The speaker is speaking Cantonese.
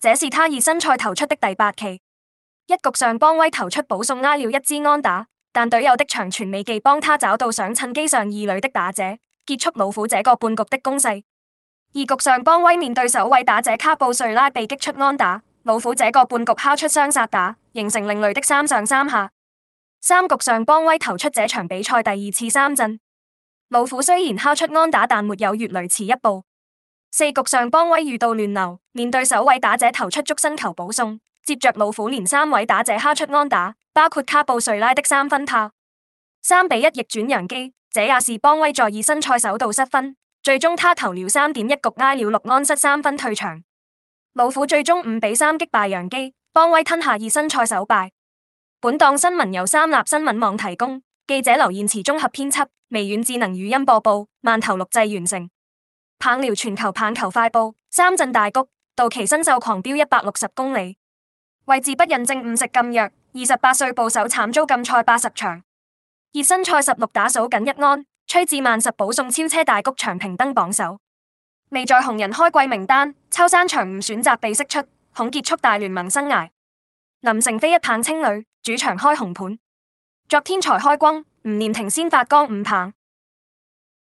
這是他熱身賽投出的第八期。一局上，邦威投出保送挨了一支安打，但隊友的長傳美技幫他找到想趁機上二壘的打者，結束老虎這個半局的攻勢。二局上，邦威面對首位打者卡布瑞拉被擊出安打，老虎這個半局敲出雙殺打，形成另類的三上三下。三局上，邦威投出這場比賽第二次三振，老虎雖然敲出安打，但沒有越雷池一步。四局上邦威，遇到亂流，面對首位打者投出足身球保送，接着老虎連三位打者敲出安打，包括卡布瑞拉的三分炮，三比一逆轉洋基。這也是邦威在熱身賽首度失分，最終他投了三點一局，捱了六安失三分退場。老虎最終五比三擊敗洋基，邦威吞下熱身賽首敗。本檔新聞由三立新聞網提供，記者劉燕慈綜合編輯，微軟智能語音播報，饅頭錄製完成。棒聊全球棒球快報：三振大谷道奇新秀狂飆一百六十公里，位置不孕症誤食禁藥，二十八歲捕手慘遭禁賽八十場，熱身賽十六打數僅一安，崔志萬十保送超車大谷長平登榜首，未在紅人開季名單，秋山翔吾選擇被釋出，恐結束大聯盟生涯。林承飛一棒青旅主場開紅盤，昨天才開光，吳念庭先發光五棒。